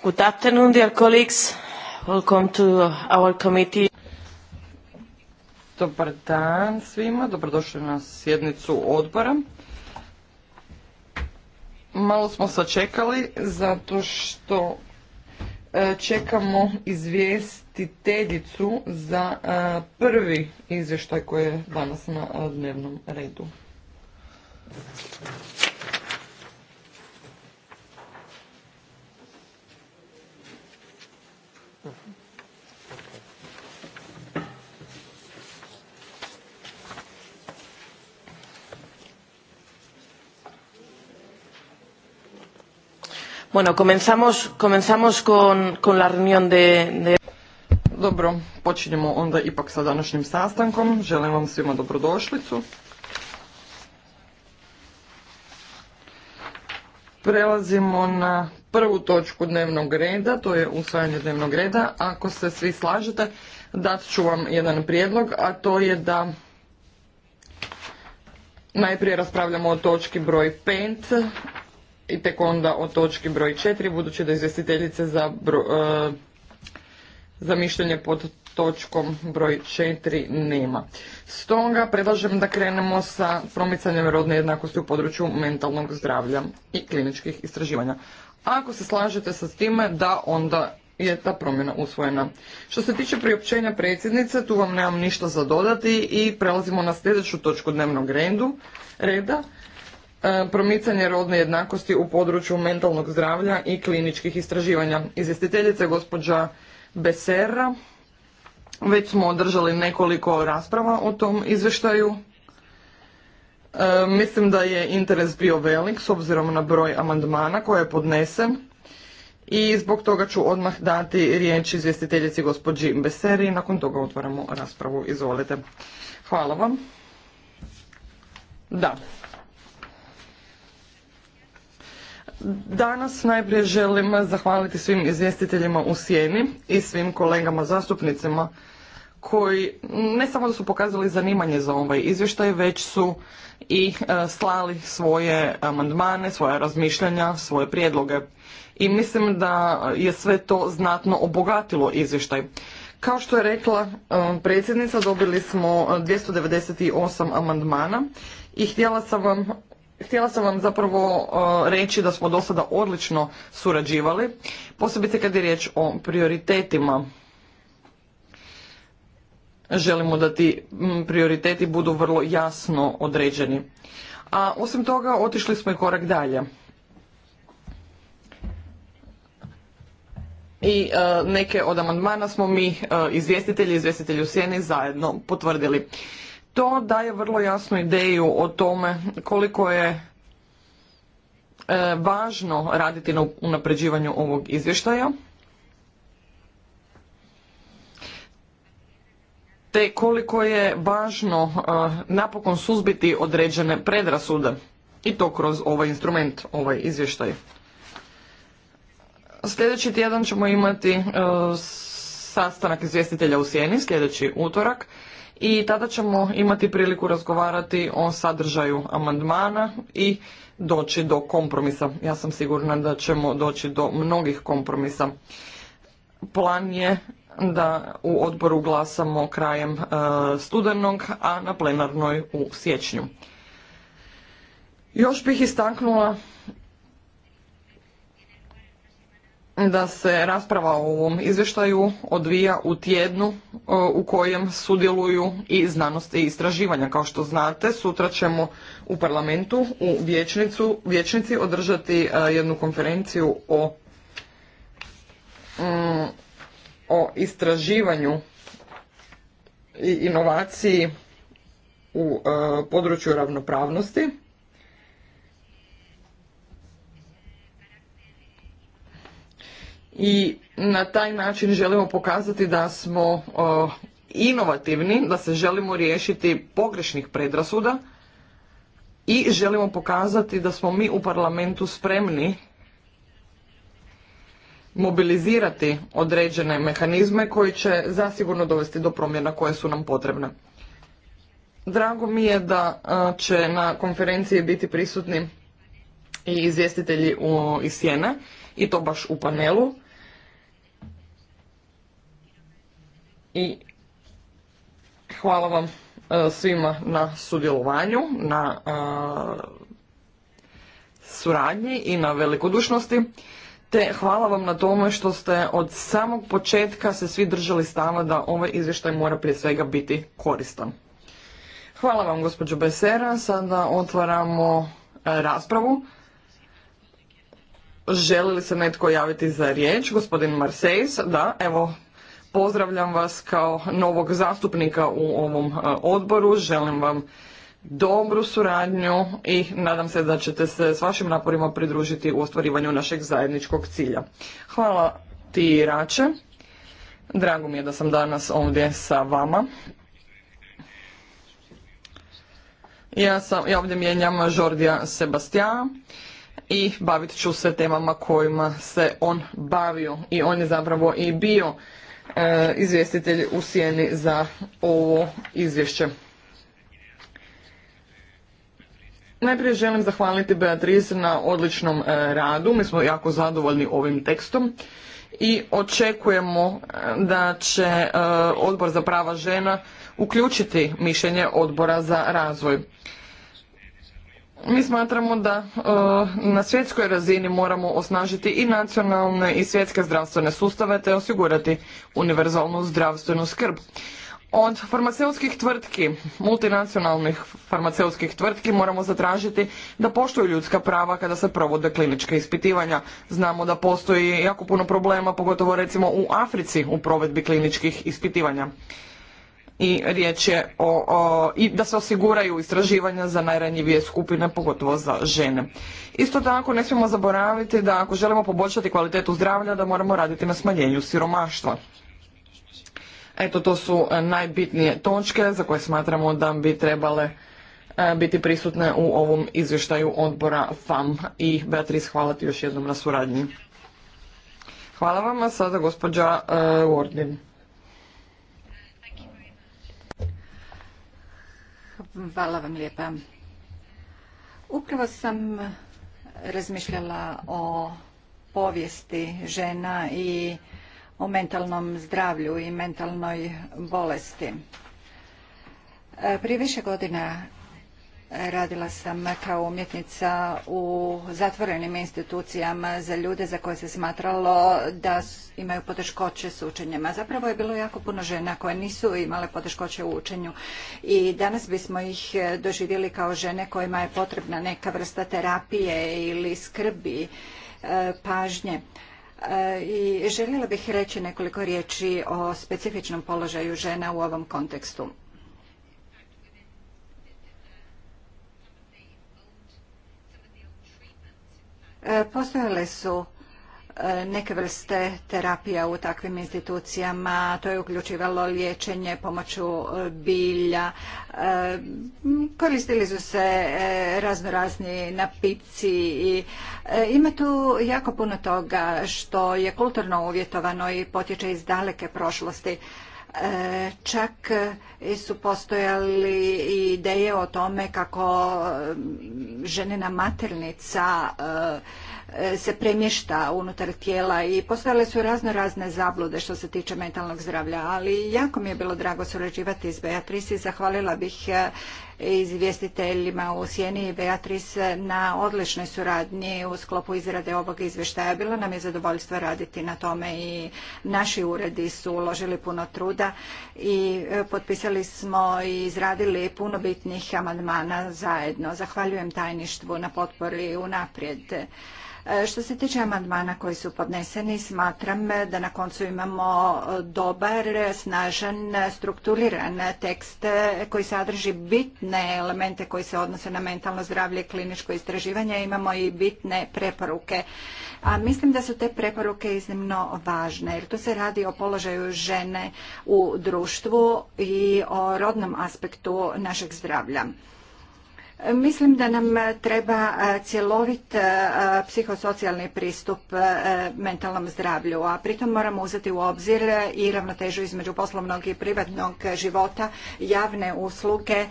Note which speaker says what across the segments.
Speaker 1: Good afternoon, dear colleagues. Welcome Dobar dan svima, dobrodošli na sjednicu odbora. Malo smo sačekali zato što e, čekamo izvjestiteljicu za e, prvi izvještaj koji je danas na e, dnevnom redu. Bueno, comenzamos, comenzamos con, con la reunión de, Dobro, počinjemo onda ipak sa današnjim sastankom. Želim vam svima dobrodošlicu. Prelazimo na prvu točku dnevnog reda, to je usvajanje dnevnog reda. Ako se svi slažete, dat ću vam jedan prijedlog, a to je da najprije raspravljamo o točki broj 5, i tek onda o točki broj 4, budući da izvjestiteljice za, e, za mišljenje pod točkom broj 4 nema. Stoga predlažem da krenemo sa promicanjem rodne jednakosti u području mentalnog zdravlja i kliničkih istraživanja. Ako se slažete sa time, da onda je ta promjena usvojena. Što se tiče priopćenja predsjednice, tu vam nemam ništa za dodati i prelazimo na sljedeću točku dnevnog reda, E, promicanje rodne jednakosti u području mentalnog zdravlja i kliničkih istraživanja. Izvjestiteljica gospođa Besera. Već smo održali nekoliko rasprava o tom izvještaju. E, mislim da je interes bio velik s obzirom na broj amandmana koje je podnesen i zbog toga ću odmah dati riječ izvjestiteljici gospođi Beseri i nakon toga otvaramo raspravu. Izvolite. Hvala vam. Da, Danas najprije želim zahvaliti svim izvjestiteljima u sjeni i svim kolegama zastupnicima koji ne samo da su pokazali zanimanje za ovaj izvještaj, već su i e, slali svoje amandmane, svoje razmišljanja, svoje prijedloge. I mislim da je sve to znatno obogatilo izvještaj. Kao što je rekla e, predsjednica, dobili smo 298 amandmana i htjela sam vam Htjela sam vam zapravo e, reći da smo do sada odlično surađivali, posebice kad je riječ o prioritetima. Želimo da ti prioriteti budu vrlo jasno određeni. A osim toga otišli smo i korak dalje. I e, neke od amandmana smo mi e, izvjestitelji i izvjestitelji u sjeni zajedno potvrdili. To daje vrlo jasnu ideju o tome koliko je e, važno raditi na unapređivanju ovog izvještaja. Te koliko je važno e, napokon suzbiti određene predrasude i to kroz ovaj instrument, ovaj izvještaj. Sljedeći tjedan ćemo imati e, sastanak izvjestitelja u sjeni, sljedeći utorak i tada ćemo imati priliku razgovarati o sadržaju amandmana i doći do kompromisa. Ja sam sigurna da ćemo doći do mnogih kompromisa. Plan je da u odboru glasamo krajem e, studenog, a na plenarnoj u siječnju. Još bih istaknula da se rasprava o ovom izvještaju odvija u tjednu e, u kojem sudjeluju i znanosti i istraživanja. Kao što znate, sutra ćemo u parlamentu u vječnicu, vječnici održati e, jednu konferenciju o, mm, o istraživanju i inovaciji u e, području ravnopravnosti. i na taj način želimo pokazati da smo inovativni, da se želimo riješiti pogrešnih predrasuda i želimo pokazati da smo mi u parlamentu spremni mobilizirati određene mehanizme koji će zasigurno dovesti do promjena koje su nam potrebne. Drago mi je da e, će na konferenciji biti prisutni i izvjestitelji iz Sjene i to baš u panelu i hvala vam e, svima na sudjelovanju, na e, suradnji i na velikodušnosti. Te hvala vam na tome što ste od samog početka se svi držali stava da ovaj izvještaj mora prije svega biti koristan. Hvala vam gospođo Besera. Sada otvaramo e, raspravu. Želi li se netko javiti za riječ? Gospodin Marsejs, da, evo Pozdravljam vas kao novog zastupnika u ovom e, odboru. Želim vam dobru suradnju i nadam se da ćete se s vašim naporima pridružiti u ostvarivanju našeg zajedničkog cilja. Hvala ti Rače. Drago mi je da sam danas ovdje sa vama. Ja, sam, ja ovdje mijenjam Žordija Sebastija i bavit ću se temama kojima se on bavio i on je zapravo i bio E, izvjestitelj u sjeni za ovo izvješće. Najprije želim zahvaliti Beatriz na odličnom e, radu. Mi smo jako zadovoljni ovim tekstom i očekujemo e, da će odbor za prava žena uključiti mišljenje odbora za razvoj. Mi smatramo da e, na svjetskoj razini moramo osnažiti i nacionalne i svjetske zdravstvene sustave te osigurati univerzalnu zdravstvenu skrb. Od farmaceutskih tvrtki, multinacionalnih farmaceutskih tvrtki moramo zatražiti da poštuju ljudska prava kada se provode klinička ispitivanja. Znamo da postoji jako puno problema, pogotovo recimo u Africi u provedbi kliničkih ispitivanja i riječ je o, i da se osiguraju istraživanja za najranjivije skupine, pogotovo za žene. Isto tako ne smijemo zaboraviti da ako želimo poboljšati kvalitetu zdravlja da moramo raditi na smanjenju siromaštva. Eto, to su e, najbitnije točke za koje smatramo da bi trebale e, biti prisutne u ovom izvještaju odbora FAM. I Beatrice, hvala ti još jednom na suradnji. Hvala a sada gospođa e, Wardin.
Speaker 2: Hvala vam lijepa. Upravo sam razmišljala o povijesti žena i o mentalnom zdravlju i mentalnoj bolesti. E, prije više godina Radila sam kao umjetnica u zatvorenim institucijama za ljude za koje se smatralo da imaju poteškoće s učenjem. A zapravo je bilo jako puno žena koje nisu imale poteškoće u učenju i danas bismo ih e, doživjeli kao žene kojima je potrebna neka vrsta terapije ili skrbi, e, pažnje. E, I željela bih reći nekoliko riječi o specifičnom položaju žena u ovom kontekstu. E, postojale su e, neke vrste terapija u takvim institucijama, to je uključivalo liječenje pomoću e, bilja, koristili su se razno razni napici i ima tu jako puno toga što je kulturno uvjetovano i potječe iz daleke prošlosti. E, čak su postojali ideje o tome kako e, ženina maternica e, se premješta unutar tijela i postojale su razno razne zablude što se tiče mentalnog zdravlja, ali jako mi je bilo drago surađivati s Beatrice i zahvalila bih izvjestiteljima u Sjeni i Beatrice na odličnoj suradnji u sklopu izrade ovog izvještaja. Bilo nam je zadovoljstvo raditi na tome i naši uredi su uložili puno truda i e, potpisali smo i izradili puno bitnih amandmana zajedno. Zahvaljujem tajništvu na potpori naprijed. E, što se tiče amandmana koji su podneseni, smatram da na koncu imamo dobar, snažan, strukturiran tekst koji sadrži bitne bitne elemente koji se odnose na mentalno zdravlje, kliničko istraživanje, imamo i bitne preporuke. A mislim da su te preporuke iznimno važne jer tu se radi o položaju žene u društvu i o rodnom aspektu našeg zdravlja. Mislim da nam treba e, cjelovit e, psihosocijalni pristup e, mentalnom zdravlju, a pritom moramo uzeti u obzir i ravnotežu između poslovnog i privatnog života, javne usluge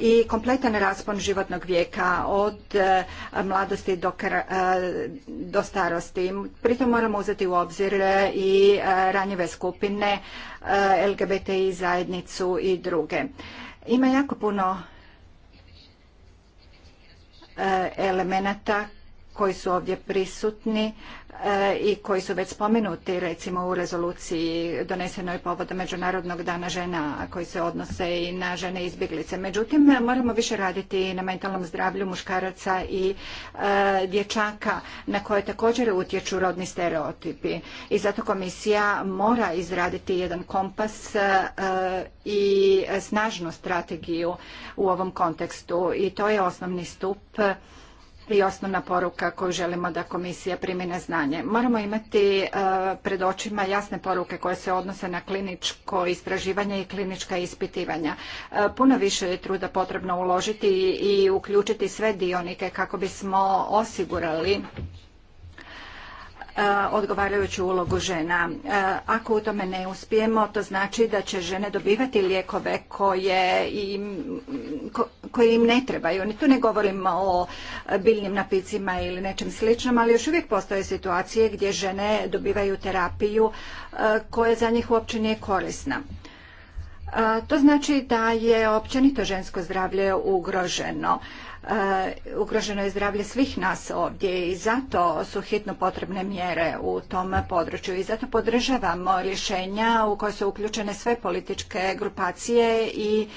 Speaker 2: i kompletan raspon životnog vijeka od mladosti do, do starosti. Pritom moramo uzeti u obzir i ranjive skupine, LGBTI zajednicu i druge. Ima jako puno Eh, elemenata koji su ovdje prisutni e, i koji su već spomenuti recimo u rezoluciji donesenoj povodom Međunarodnog dana žena koji se odnose i na žene izbjeglice. Međutim, moramo više raditi na mentalnom zdravlju muškaraca i e, dječaka na koje također utječu rodni stereotipi. I zato komisija mora izraditi jedan kompas e, i snažnu strategiju u ovom kontekstu i to je osnovni stup i osnovna poruka koju želimo da komisija primi na znanje. Moramo imati e, pred očima jasne poruke koje se odnose na kliničko istraživanje i klinička ispitivanja. E, puno više je truda potrebno uložiti i uključiti sve dionike kako bismo osigurali E, odgovarajuću ulogu žena. E, ako u tome ne uspijemo, to znači da će žene dobivati lijekove koje im, im ne trebaju. Tu ne govorimo o biljnim napicima ili nečem sličnom, ali još uvijek postoje situacije gdje žene dobivaju terapiju e, koja za njih uopće nije korisna. To znači da je općenito žensko zdravlje ugroženo. E, ugroženo je zdravlje svih nas ovdje i zato su hitno potrebne mjere u tom području i zato podržavamo rješenja u koje su uključene sve političke grupacije i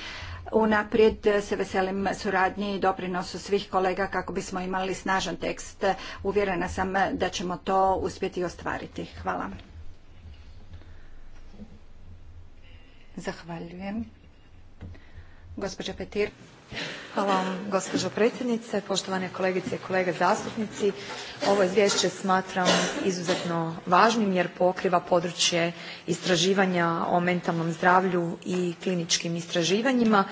Speaker 2: unaprijed se veselim suradnji i doprinosu svih kolega kako bismo imali snažan tekst. Uvjerena sam da ćemo to uspjeti ostvariti. Hvala. Zahvaljujem.
Speaker 3: Gospođa Hvala vam gospođo predsjednice, poštovane kolegice i kolege zastupnici. Ovo izvješće smatram izuzetno važnim jer pokriva područje istraživanja o mentalnom zdravlju i kliničkim istraživanjima,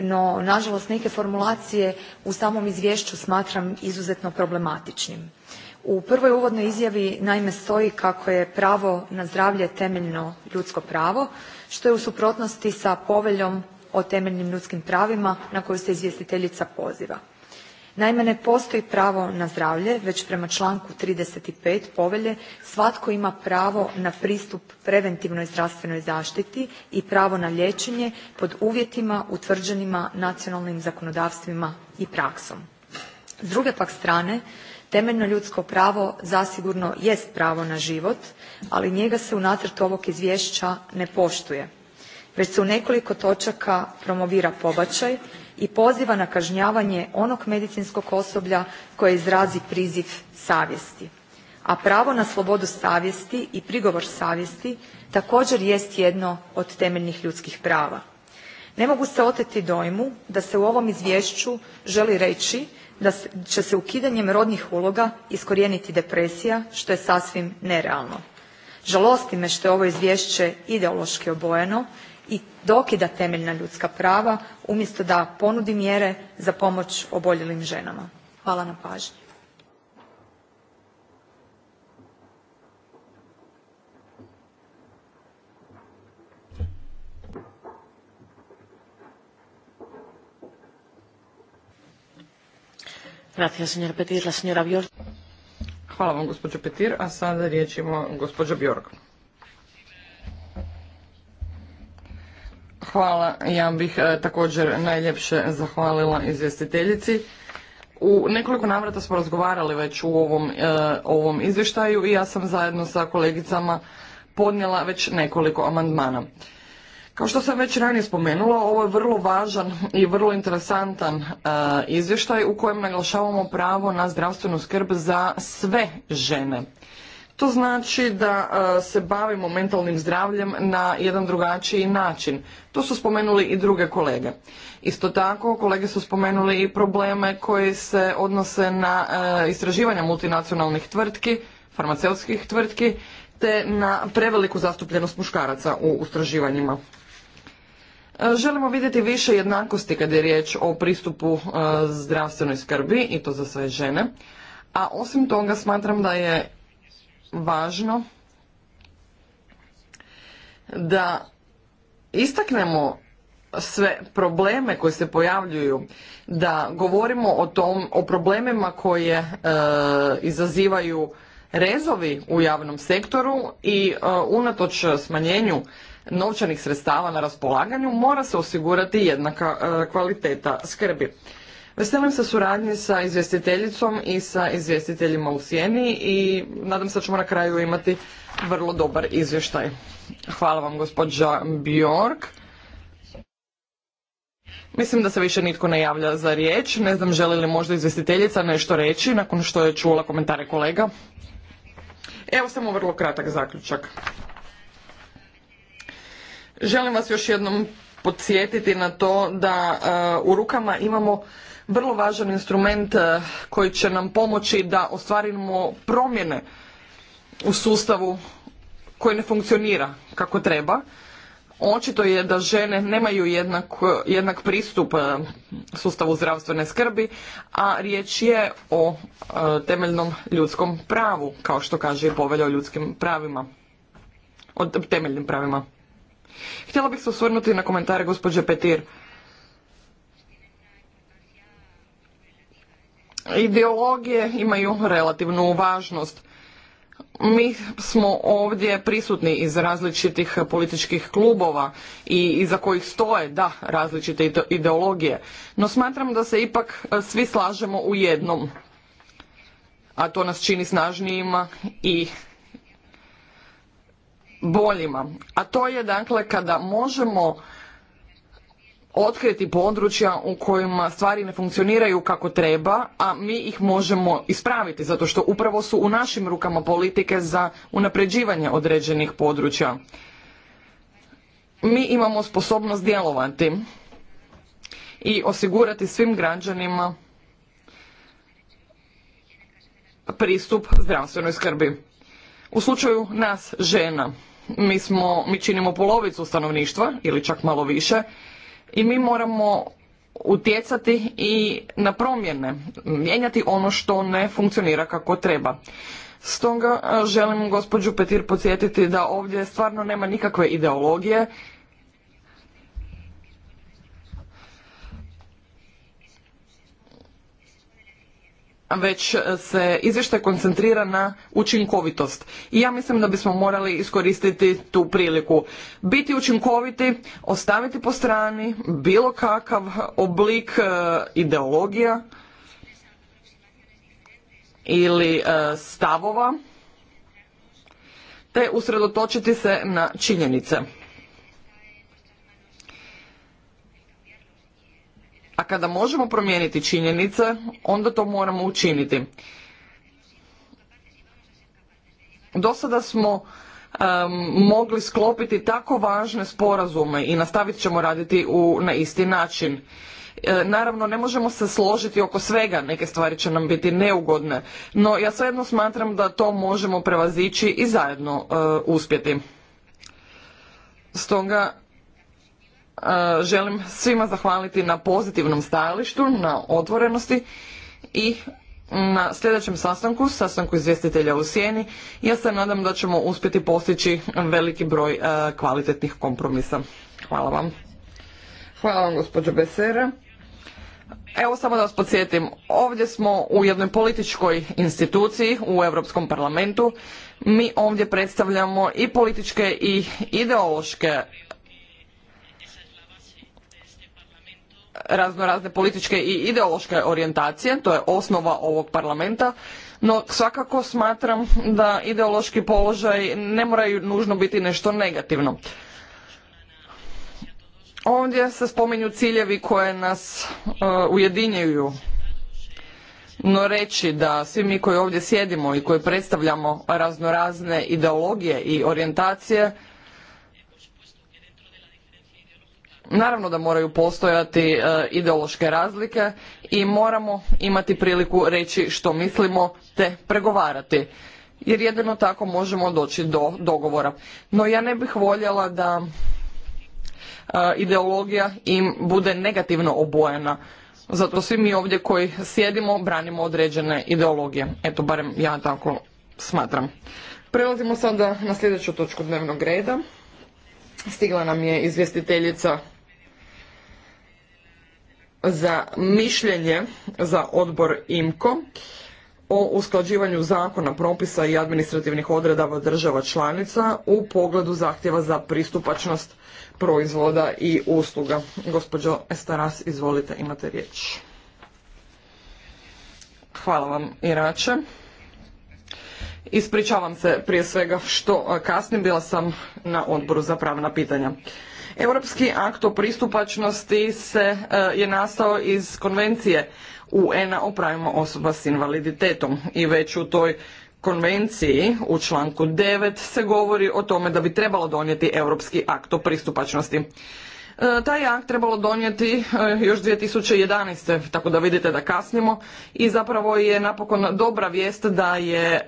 Speaker 3: no nažalost neke formulacije u samom izvješću smatram izuzetno problematičnim. U prvoj uvodnoj izjavi naime stoji kako je pravo na zdravlje temeljno ljudsko pravo što je u suprotnosti sa Poveljom o temeljnim ljudskim pravima na koju se izvjestiteljica poziva. Naime, ne postoji pravo na zdravlje već prema članku 35. povelje svatko ima pravo na pristup preventivnoj zdravstvenoj zaštiti i pravo na liječenje pod uvjetima utvrđenima nacionalnim zakonodavstvima i praksom. S druge pak strane temeljno ljudsko pravo zasigurno jest pravo na život, ali njega se u nacrtu ovog izvješća ne poštuje već se u nekoliko točaka promovira pobačaj i poziva na kažnjavanje onog medicinskog osoblja koje izrazi priziv savjesti. A pravo na slobodu savjesti i prigovor savjesti također jest jedno od temeljnih ljudskih prava. Ne mogu se oteti dojmu da se u ovom izvješću želi reći da će se ukidanjem rodnih uloga iskorijeniti depresija što je sasvim nerealno. Žalosti me što je ovo izvješće ideološki obojeno i dokida temeljna ljudska prava umjesto da ponudi mjere za pomoć oboljelim ženama. Hvala na pažnji.
Speaker 1: Hvala vam, gospođo Petir. A sada riječ ima gospođa Bjork. Hvala. Ja bih e, također najljepše zahvalila izvjestiteljici. U nekoliko navrata smo razgovarali već u e, ovom, izvještaju i ja sam zajedno sa kolegicama podnijela već nekoliko amandmana. Kao što sam već ranije spomenula, ovo je vrlo važan i vrlo interesantan e, izvještaj u kojem naglašavamo pravo na zdravstvenu skrb za sve žene. To znači da e, se bavimo mentalnim zdravljem na jedan drugačiji način. To su spomenuli i druge kolege. Isto tako, kolege su spomenuli i probleme koji se odnose na e, istraživanja multinacionalnih tvrtki, farmaceutskih tvrtki, te na preveliku zastupljenost muškaraca u istraživanjima. E, želimo vidjeti više jednakosti kada je riječ o pristupu zdravstvenoj skrbi i to za sve žene. A osim toga smatram da je važno da istaknemo sve probleme koji se pojavljuju, da govorimo o tom, o problemima koje e, izazivaju rezovi u javnom sektoru i e, unatoč smanjenju novčanih sredstava na raspolaganju mora se osigurati jednaka e, kvaliteta skrbi. Veselim se suradnji sa izvjestiteljicom i sa izvjestiteljima u sjeni i nadam se da ćemo na kraju imati vrlo dobar izvještaj. Hvala vam gospođa Bjork. Mislim da se više nitko ne javlja za riječ. Ne znam želi li možda izvjestiteljica nešto reći nakon što je čula komentare kolega. Evo samo vrlo kratak zaključak. Želim vas još jednom podsjetiti na to da e, u rukama imamo vrlo važan instrument eh, koji će nam pomoći da ostvarimo promjene u sustavu koji ne funkcionira kako treba. Očito je da žene nemaju jednak, jednak pristup eh, sustavu zdravstvene skrbi, a riječ je o eh, temeljnom ljudskom pravu, kao što kaže i povelja o ljudskim pravima, o temeljnim pravima. Htjela bih se osvrnuti na komentare gospođe Petir ideologije imaju relativnu važnost. Mi smo ovdje prisutni iz različitih političkih klubova i iza kojih stoje, da, različite ideologije. No smatram da se ipak e, svi slažemo u jednom, a to nas čini snažnijima i boljima. A to je dakle kada možemo otkriti područja u kojima stvari ne funkcioniraju kako treba, a mi ih možemo ispraviti, zato što upravo su u našim rukama politike za unapređivanje određenih područja. Mi imamo sposobnost djelovati i osigurati svim građanima pristup zdravstvenoj skrbi. U slučaju nas žena, mi, smo, mi činimo polovicu stanovništva ili čak malo više i mi moramo utjecati i na promjene, mijenjati ono što ne funkcionira kako treba. Stoga eh, želim gospođu Petir podsjetiti da ovdje stvarno nema nikakve ideologije, već e, se izvještaj koncentrira na učinkovitost. I ja mislim da bismo morali iskoristiti tu priliku. Biti učinkoviti, ostaviti po strani bilo kakav oblik e, ideologija ili e, stavova, te usredotočiti se na činjenice. a kada možemo promijeniti činjenice, onda to moramo učiniti. Do sada smo mogli sklopiti tako važne sporazume i nastavit ćemo raditi u, na isti način. E, naravno, ne možemo se složiti oko svega, neke stvari će nam biti neugodne, no ja svejedno smatram da to možemo prevazići i zajedno e, uspjeti. Stoga E, želim svima zahvaliti na pozitivnom stajalištu, na otvorenosti i na sljedećem sastanku, sastanku izvjestitelja u Sjeni, ja se nadam da ćemo uspjeti postići veliki broj e, kvalitetnih kompromisa. Hvala vam. Hvala vam gospođo Besera. Evo samo da vas podsjetim, ovdje smo u jednoj političkoj instituciji u Europskom parlamentu. Mi ovdje predstavljamo i političke i ideološke raznorazne političke i ideološke orijentacije, to je osnova ovog parlamenta, no svakako smatram da ideološki položaj ne moraju nužno biti nešto negativno. Ovdje se spominju ciljevi koje nas e, ujedinjuju. No reći da svi mi koji ovdje sjedimo i koji predstavljamo raznorazne ideologije i orijentacije Naravno da moraju postojati e, ideološke razlike i moramo imati priliku reći što mislimo te pregovarati. Jer jedino tako možemo doći do dogovora. No ja ne bih voljela da e, ideologija im bude negativno obojena. Zato svi mi ovdje koji sjedimo branimo određene ideologije. Eto, barem ja tako smatram. Prelazimo sada na sljedeću točku dnevnog reda. Stigla nam je izvjestiteljica za mišljenje za odbor IMKO o usklađivanju zakona, propisa i administrativnih odredava država članica u pogledu zahtjeva za pristupačnost proizvoda i usluga. Gospođo Estaras, izvolite, imate riječ. Hvala vam, Irače. Ispričavam se prije svega što kasnim, bila sam na odboru za pravna pitanja. Europski akt o pristupačnosti se, eh, je nastao iz konvencije UN-a o pravima osoba s invaliditetom i već u toj konvenciji u članku 9 se govori o tome da bi trebalo donijeti Europski akt o pristupačnosti. Eh, taj akt trebalo donijeti e, još 2011. tako da vidite da kasnimo i zapravo je napokon dobra vijest da je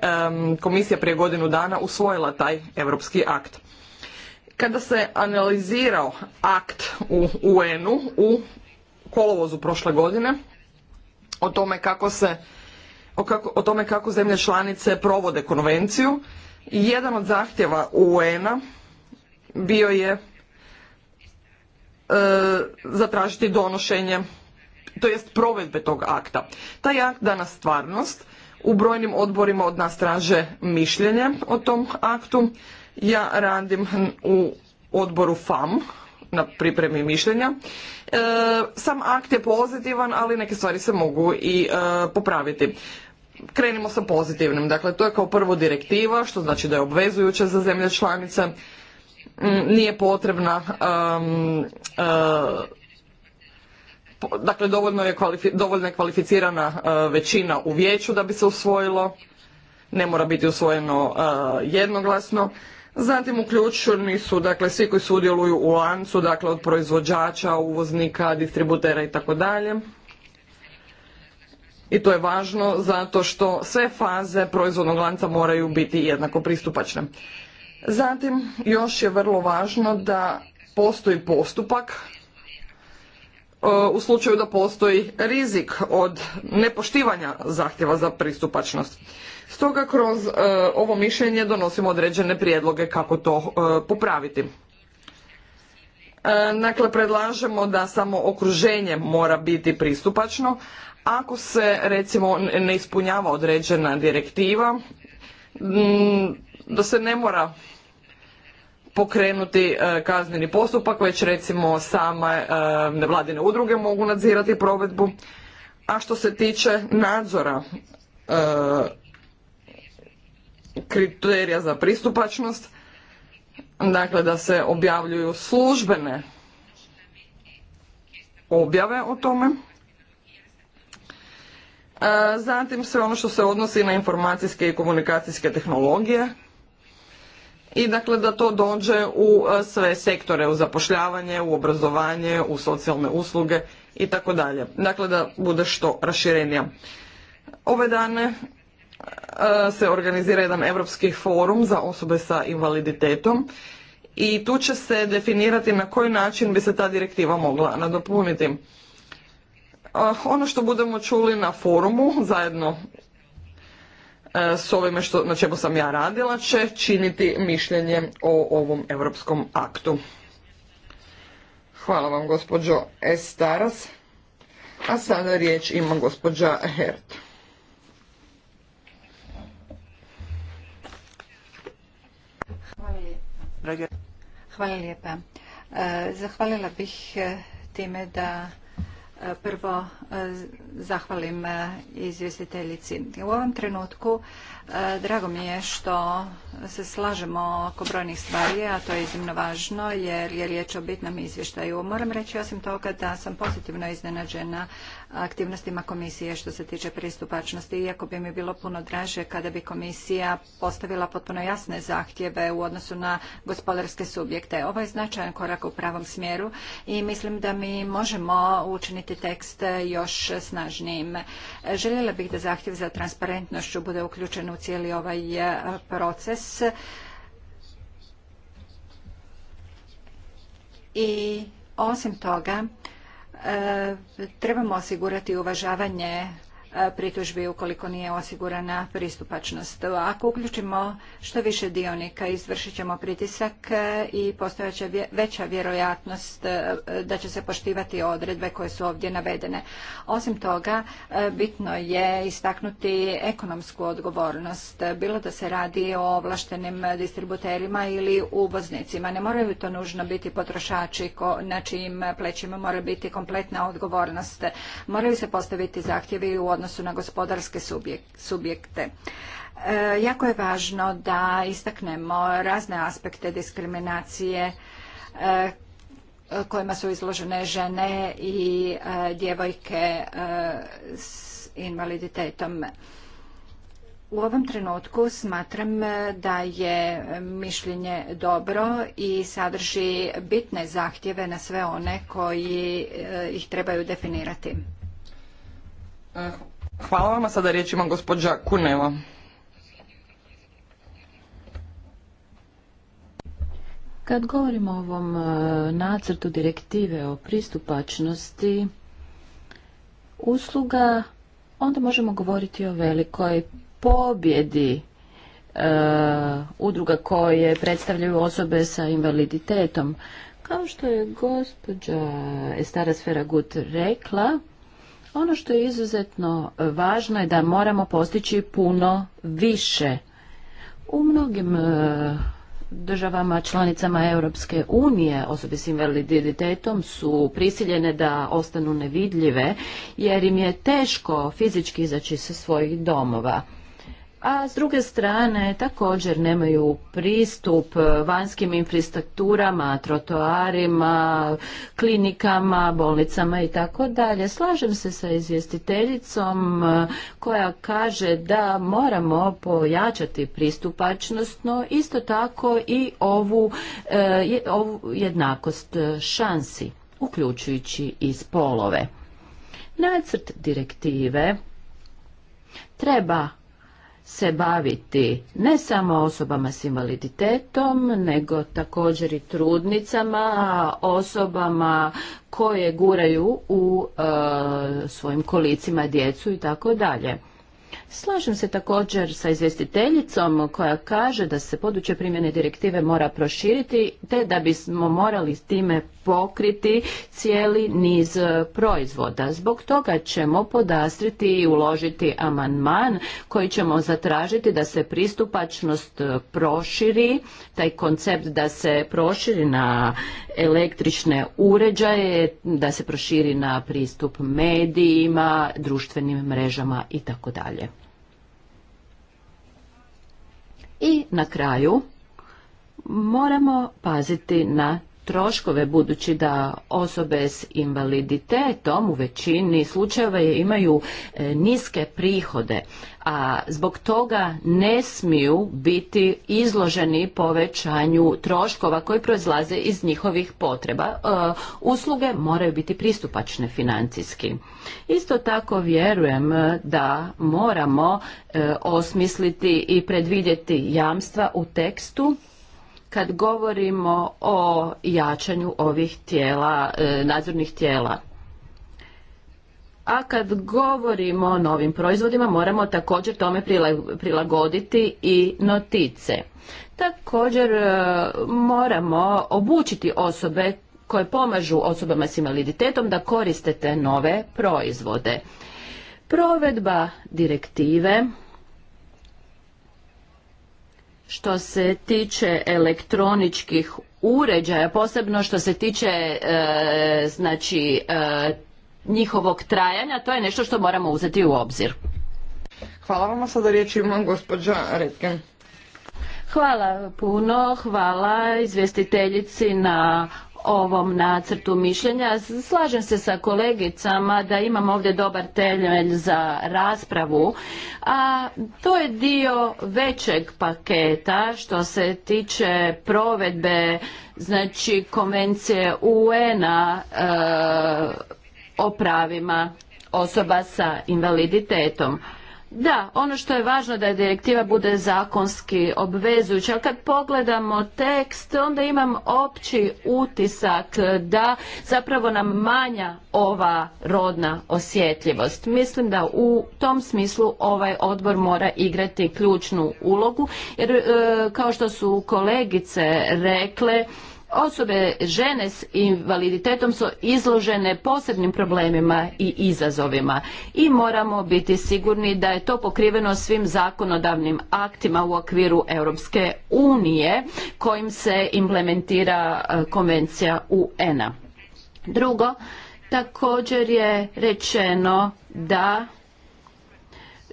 Speaker 1: komisija prije godinu dana usvojila taj europski akt. Kada se analizirao akt u UN-u u kolovozu prošle godine o tome kako se o, kako, o tome kako zemlje članice provode konvenciju, jedan od zahtjeva UN-a bio je e, zatražiti donošenje, to jest provedbe tog akta. Taj akt danas stvarnost, u brojnim odborima od nas traže mišljenje o tom aktu, ja radim u odboru FAM na pripremi mišljenja. E, sam akt je pozitivan, ali neke stvari se mogu i e, popraviti. Krenimo sa pozitivnim. Dakle, to je kao prvo direktiva, što znači da je obvezujuća za zemlje članice. Mm, nije potrebna e, dakle dovoljno je kvalificirana većina u vijeću da bi se usvojilo ne mora biti usvojeno jednoglasno Zatim uključeni su dakle svi koji sudjeluju u lancu, dakle od proizvođača, uvoznika, distributera i tako dalje. I to je važno zato što sve faze proizvodnog lanca moraju biti jednako pristupačne. Zatim još je vrlo važno da postoji postupak e, u slučaju da postoji rizik od nepoštivanja zahtjeva za pristupačnost. Stoga kroz e, ovo mišljenje donosimo određene prijedloge kako to e, popraviti. E, dakle, predlažemo da samo okruženje mora biti pristupačno. Ako se recimo ne ispunjava određena direktiva, da se ne mora pokrenuti kazneni postupak, već recimo same nevladine udruge mogu nadzirati provedbu. A što se tiče nadzora kriterija za pristupačnost, dakle da se objavljuju službene objave o tome. E, zatim sve ono što se odnosi na informacijske i komunikacijske tehnologije i dakle da to dođe u e, sve sektore, u zapošljavanje, u obrazovanje, u socijalne usluge i tako dalje. Dakle da bude što raširenija. Ove dane E, se organizira jedan europski forum za osobe sa invaliditetom i tu će se definirati na koji način bi se ta direktiva mogla nadopuniti. E, ono što budemo čuli na forumu zajedno e, s ovime što, na čemu sam ja radila će činiti mišljenje o ovom europskom aktu. Hvala vam gospođo Estaras. A sada riječ ima gospođa Hert.
Speaker 2: Hvala lijepa. E, zahvalila bih e, time da e, prvo zahvalim izvjestiteljici. U ovom trenutku drago mi je što se slažemo oko brojnih stvari, a to je iznimno važno jer je riječ o bitnom izvještaju. Moram reći osim toga da sam pozitivno iznenađena aktivnostima komisije što se tiče pristupačnosti, iako bi mi bilo puno draže kada bi komisija postavila potpuno jasne zahtjeve u odnosu na gospodarske subjekte. Ovo je značajan korak u pravom smjeru i mislim da mi možemo učiniti tekst još snažnijim. Željela bih da zahtjev za transparentnošću bude uključen u cijeli ovaj e, proces. I osim toga, E, trebamo osigurati uvažavanje E, pritužbi ukoliko nije osigurana pristupačnost. Ako uključimo što više dionika, izvršit ćemo pritisak e, i će veća vjerojatnost e, da će se poštivati odredbe koje su ovdje navedene. Osim toga, bitno je istaknuti ekonomsku odgovornost, bilo da se radi o ovlaštenim distributerima ili uvoznicima. Ne moraju to nužno biti potrošači na čijim plećima mora biti kompletna odgovornost. Moraju se postaviti zahtjevi u odnosu odnosu na gospodarske subjekte. E, jako je važno da istaknemo razne aspekte diskriminacije e, kojima su izložene žene i e, djevojke s invaliditetom. U ovom trenutku smatram da je mišljenje dobro i sadrži bitne zahtjeve na sve one koji ih trebaju definirati.
Speaker 1: Hvala vam, a sada riječ ima gospođa Kuneva.
Speaker 4: Kad govorimo o ovom e, nacrtu direktive o pristupačnosti usluga, onda možemo govoriti o velikoj pobjedi e, udruga koje predstavljaju osobe sa invaliditetom. Kao što je gospođa Estara Sferagut rekla, ono što je izuzetno važno je da moramo postići puno više. U mnogim e, državama članicama Europske unije osobe s invaliditetom su prisiljene da ostanu nevidljive jer im je teško fizički izaći sa svojih domova a s druge strane također nemaju pristup vanjskim infrastrukturama, trotoarima, klinikama, bolnicama i tako dalje. Slažem se sa izvjestiteljicom e, koja kaže da moramo pojačati pristupačnost, no isto tako i ovu, e, ovu jednakost šansi, uključujući i spolove. Nacrt direktive treba se baviti ne samo osobama s invaliditetom, nego također i trudnicama, osobama koje guraju u e, svojim kolicima djecu i tako dalje. Slažem se također sa izvjestiteljicom koja kaže da se područje primjene direktive mora proširiti te da bismo morali s time pokriti cijeli niz e, proizvoda. Zbog toga ćemo podastriti i uložiti amandman koji ćemo zatražiti da se pristupačnost e, proširi, taj koncept da se proširi na električne uređaje, da se proširi na pristup medijima, društvenim mrežama i tako dalje. I na kraju moramo paziti na troškove budući da osobe s invaliditetom u većini slučajeva imaju e, niske prihode, a zbog toga ne smiju biti izloženi povećanju troškova koji proizlaze iz njihovih potreba. E, usluge moraju biti pristupačne financijski. Isto tako vjerujem e, da moramo osmisliti i predvidjeti jamstva u tekstu kad govorimo o jačanju ovih tijela, e, nadzornih tijela. A kad govorimo o novim proizvodima, moramo također tome prilagoditi i notice. Također e, moramo obučiti osobe koje pomažu osobama s invaliditetom da koriste nove proizvode. Provedba direktive što se tiče elektroničkih uređaja, posebno što se tiče e, znači e, njihovog trajanja, to je nešto što moramo uzeti u obzir.
Speaker 1: Hvala vam, sada riječ ima gospođa Redken.
Speaker 4: Hvala puno, hvala izvjestiteljici na ovom nacrtu mišljenja. Slažem se sa kolegicama da imamo ovdje dobar temelj za raspravu, a to je dio većeg paketa što se tiče provedbe znači konvencije UN-a e, o pravima osoba sa invaliditetom. Da, ono što je važno da je direktiva bude zakonski obvezujuća, ali kad pogledamo tekst onda imam opći utisak da zapravo nam manja ova rodna osjetljivost. Mislim da u tom smislu ovaj odbor mora igrati ključnu ulogu jer e, kao što su kolegice rekle Osobe, žene s invaliditetom su izložene posebnim problemima i izazovima i moramo biti sigurni da je to pokriveno svim zakonodavnim aktima u okviru Europske unije kojim se implementira e, konvencija UN-a. Drugo, također je rečeno da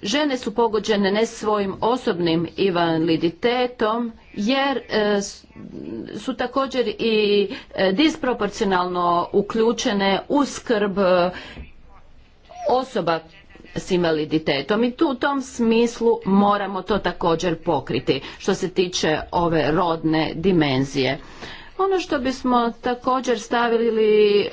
Speaker 4: Žene su pogođene ne svojim osobnim invaliditetom jer e, su također i e, disproporcionalno uključene u skrb e, osoba s invaliditetom i tu u tom smislu moramo to također pokriti što se tiče ove rodne dimenzije. Ono što bismo također stavili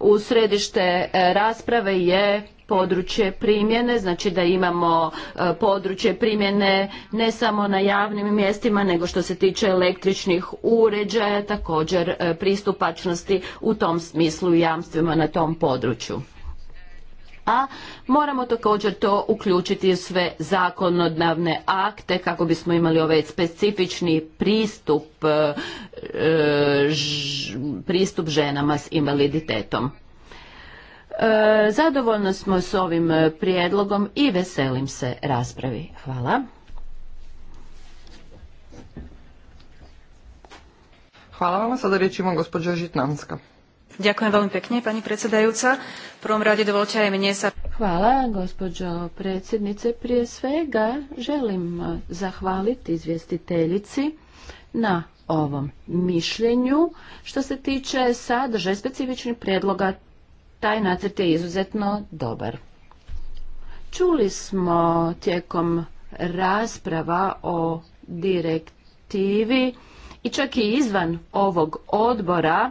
Speaker 4: u središte rasprave je područje primjene, znači da imamo e, područje primjene ne samo na javnim mjestima, nego što se tiče električnih uređaja, također e, pristupačnosti u tom smislu i jamstvima na tom području a moramo također to uključiti u sve zakonodavne akte kako bismo imali ovaj specifični pristup e, pristup ženama s invaliditetom E, zadovoljno smo s ovim e, prijedlogom i
Speaker 1: veselim se raspravi. Hvala. Hvala vam. Sada riječ ima gospođa Žitnanska.
Speaker 4: Ďakujem veľmi pani prvom rade dovolte aj sa... Hvala, gospođo predsjednice. Prije svega želim e, zahvaliti izvjestiteljici na ovom mišljenju što se tiče sadržaja specifičnih prijedloga taj nacrt je izuzetno dobar. Čuli smo tijekom rasprava o direktivi i čak i izvan ovog odbora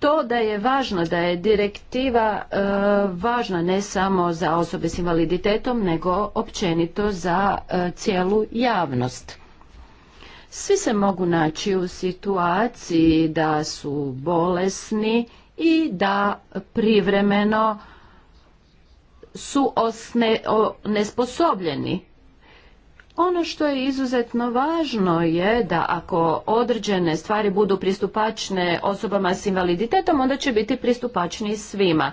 Speaker 4: to da je važno da je direktiva e, važna ne samo za osobe s invaliditetom nego općenito za e, cijelu javnost. Svi se mogu naći u situaciji da su bolesni i da privremeno su osne, nesposobljeni. Ono što je izuzetno važno je da ako određene stvari budu pristupačne osobama s invaliditetom, onda će biti pristupačni svima.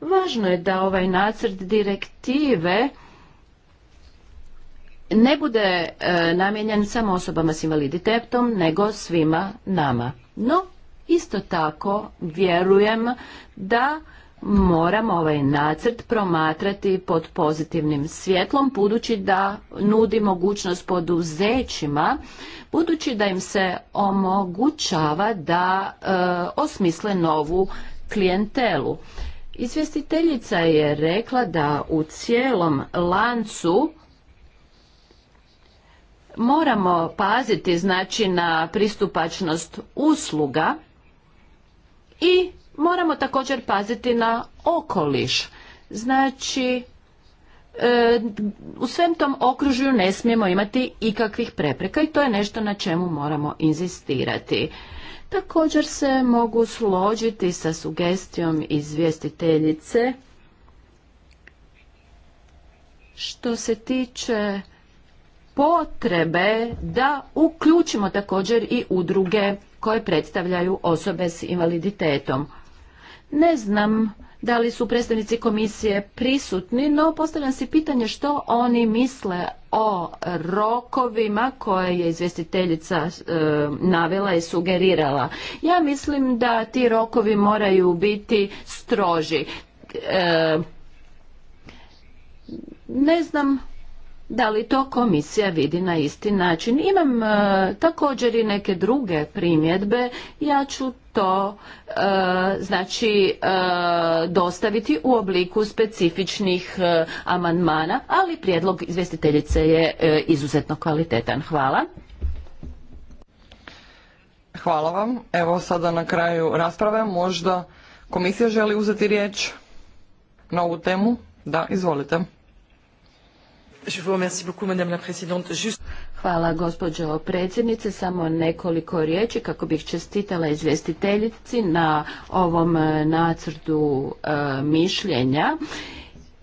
Speaker 4: Važno je da ovaj nacrt direktive ne bude e, namijenjen samo osobama s invaliditetom, nego svima nama. No, Isto tako vjerujem da moram ovaj nacrt promatrati pod pozitivnim svjetlom budući da nudi mogućnost poduzećima budući da im se omogućava da e, osmisle novu klijentelu. Izvjestiteljica je rekla da u cijelom lancu moramo paziti znači na pristupačnost usluga i moramo također paziti na okoliš. Znači, e, u svem tom okružju ne smijemo imati ikakvih prepreka i to je nešto na čemu moramo inzistirati. Također se mogu složiti sa sugestijom izvjestiteljice što se tiče potrebe da uključimo također i udruge koje predstavljaju osobe s invaliditetom. Ne znam da li su predstavnici komisije prisutni, no postavljam si pitanje što oni misle o rokovima koje je izvjestiteljica e, navela i sugerirala. Ja mislim da ti rokovi moraju biti stroži. E, ne znam da li to komisija vidi na isti način. Imam e, također i neke druge primjedbe, ja ću to e, znači e, dostaviti u obliku specifičnih amandmana, ali prijedlog izvjestiteljice je izuzetno kvalitetan. Hvala.
Speaker 1: Hvala vam. Evo sada na kraju rasprave možda komisija želi uzeti riječ na ovu temu. Da, izvolite. Hvala gospođo predsjednice.
Speaker 4: Samo nekoliko riječi kako bih čestitala izvjestiteljici na ovom e, nacrtu e, mišljenja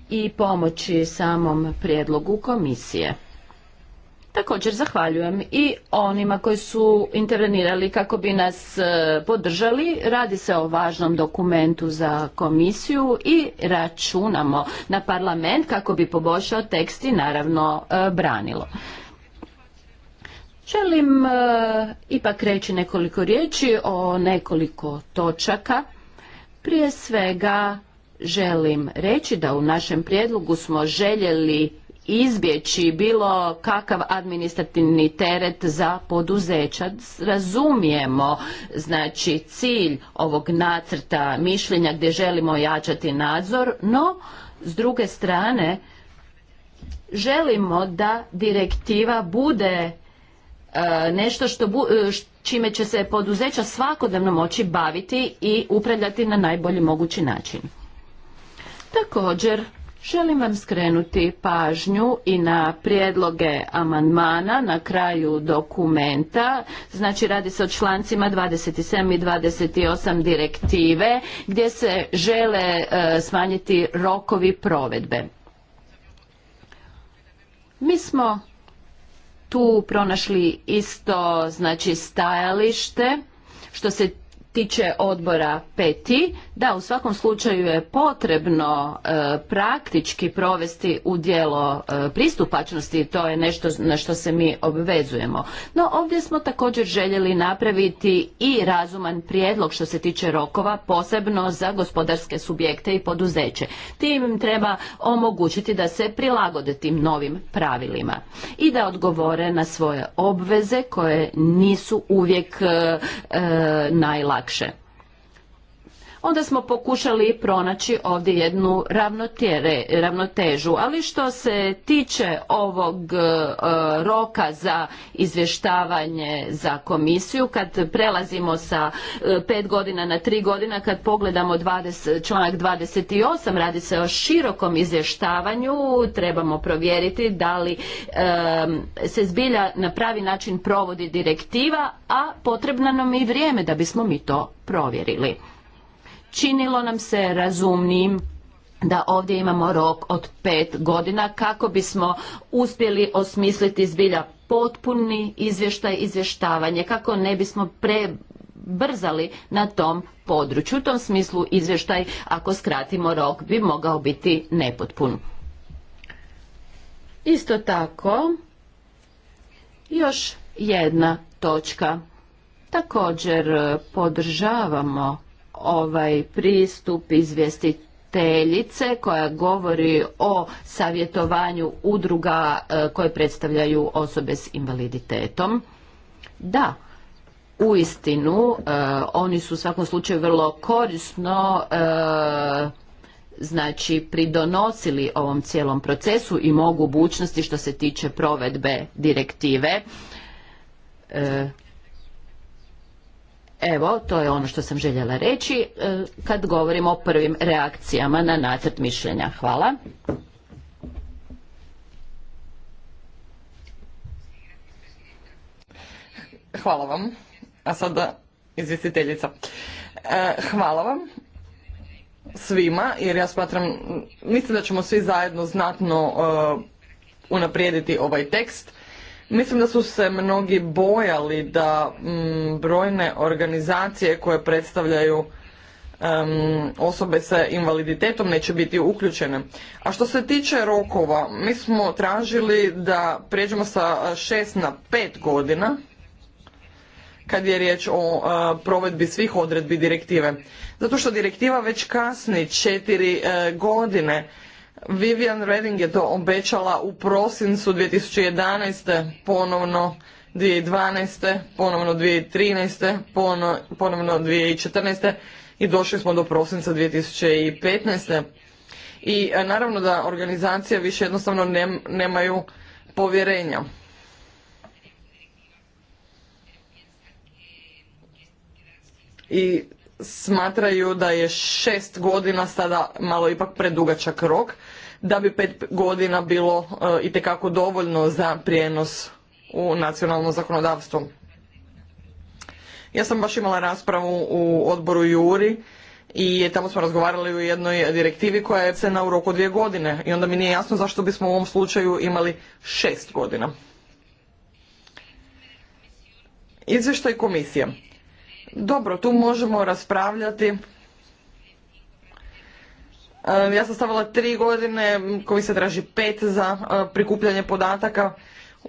Speaker 4: i pomoći samom prijedlogu komisije. Također zahvaljujem i onima koji su intervenirali kako bi nas e, podržali. Radi se o važnom dokumentu za komisiju i računamo na parlament kako bi poboljšao tekst i naravno e, branilo. Želim e, ipak reći nekoliko riječi o nekoliko točaka. Prije svega želim reći da u našem prijedlogu smo željeli izbjeći bilo kakav administrativni teret za poduzeća. Razumijemo znači cilj ovog nacrta mišljenja gdje želimo jačati nadzor, no s druge strane želimo da direktiva bude e, nešto e, čime će se poduzeća svakodnevno moći baviti i upravljati na najbolji mogući način. Također Želim vam skrenuti pažnju i na prijedloge amandmana na kraju dokumenta. Znači radi se o člancima 27 i 28 direktive gdje se žele e, smanjiti rokovi provedbe. Mi smo tu pronašli isto znači stajalište što se tiče odbora peti, da u svakom slučaju je potrebno e, praktički provesti u djelo e, pristupačnosti, to je nešto na što se mi obvezujemo. No ovdje smo također željeli napraviti i razuman prijedlog što se tiče rokova, posebno za gospodarske subjekte i poduzeće. Tim im treba omogućiti da se prilagode tim novim pravilima i da odgovore na svoje obveze koje nisu uvijek e, najlakše lakše onda smo pokušali pronaći ovdje jednu ravnotežu. Ali što se tiče ovog e, roka za izvještavanje za komisiju, kad prelazimo sa e, pet godina na tri godina, kad pogledamo 20, članak 28, radi se o širokom izvještavanju, trebamo provjeriti da li se zbilja na pravi način provodi direktiva, a potrebno nam je i vrijeme da bismo mi to provjerili činilo nam se razumnijim da ovdje imamo rok od pet godina kako bismo uspjeli osmisliti zbilja potpuni izvještaj izvještavanje kako ne bismo prebrzali na tom području. U tom smislu izvještaj ako skratimo rok bi mogao biti nepotpun. Isto tako još jedna točka. Također podržavamo ovaj pristup izvjestiteljice koja govori o savjetovanju udruga e, koje predstavljaju osobe s invaliditetom. Da, u istinu, e, oni su u svakom slučaju vrlo korisno e, znači pridonosili ovom cijelom procesu i mogu mogućnosti što se tiče provedbe direktive. Evo, to je ono što sam željela reći e, kad govorimo o prvim reakcijama na nacrt mišljenja. Hvala.
Speaker 1: Hvala vam. A sada izvjestiteljica. E, hvala vam svima jer ja smatram, mislim da ćemo svi zajedno znatno e, unaprijediti ovaj tekst Mislim da su se mnogi bojali da mm, brojne organizacije koje predstavljaju osobe sa invaliditetom neće biti uključene. A što se tiče rokova, mi smo tražili da prijeđemo sa šest na pet godina kad je riječ o e, provedbi svih odredbi direktive. Zato što direktiva već kasni četiri e, godine Vivian Reding je to obećala u prosincu 2011. ponovno 2012. ponovno 2013. ponovno 2014. i došli smo do prosinca 2015. I e, naravno da organizacije više jednostavno nemaju povjerenja. I smatraju da je šest godina sada malo ipak predugačak rok da bi pet godina bilo e, itekako dovoljno za prijenos u nacionalno zakonodavstvo. Ja sam baš imala raspravu u odboru Juri i tamo smo razgovarali o jednoj direktivi koja je cena u roku dvije godine i onda mi nije jasno zašto bismo u ovom slučaju imali šest godina. Izvještaj komisije. Dobro, tu možemo raspravljati ja sam stavila tri godine, koji se traži pet za e, prikupljanje podataka.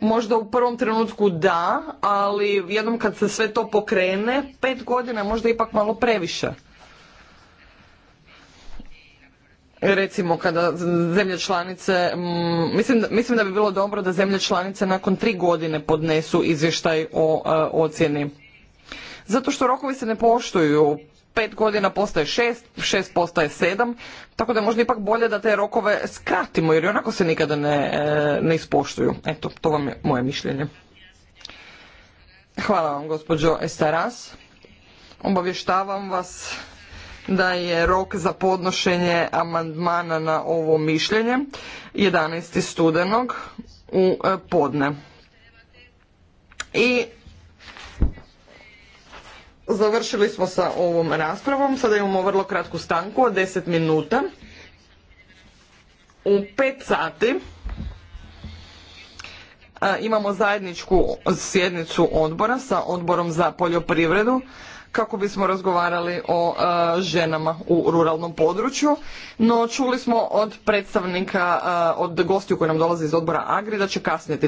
Speaker 1: Možda u prvom trenutku da, ali jednom kad se sve to pokrene, pet godina možda ipak malo previše. Recimo kada zemlje članice, mislim, mislim da bi bilo dobro da zemlje članice nakon tri godine podnesu izvještaj o e, ocjeni. Zato što rokovi se ne poštuju pet godina postaje šest, šest postaje sedam, tako da je možda ipak bolje da te rokove skratimo jer onako se nikada ne, e, ne ispoštuju. Eto, to vam je moje mišljenje. Hvala vam gospođo Estaras. Obavještavam vas da je rok za podnošenje amandmana na ovo mišljenje 11. studenog u e, podne. I Završili smo sa ovom raspravom. Sada imamo vrlo kratku stanku od 10 minuta. U 5 sati imamo zajedničku sjednicu odbora sa odborom za poljoprivredu kako bismo razgovarali o ženama u ruralnom području. No čuli smo od predstavnika, od gostiju koji nam dolazi iz odbora Agri da će kasnije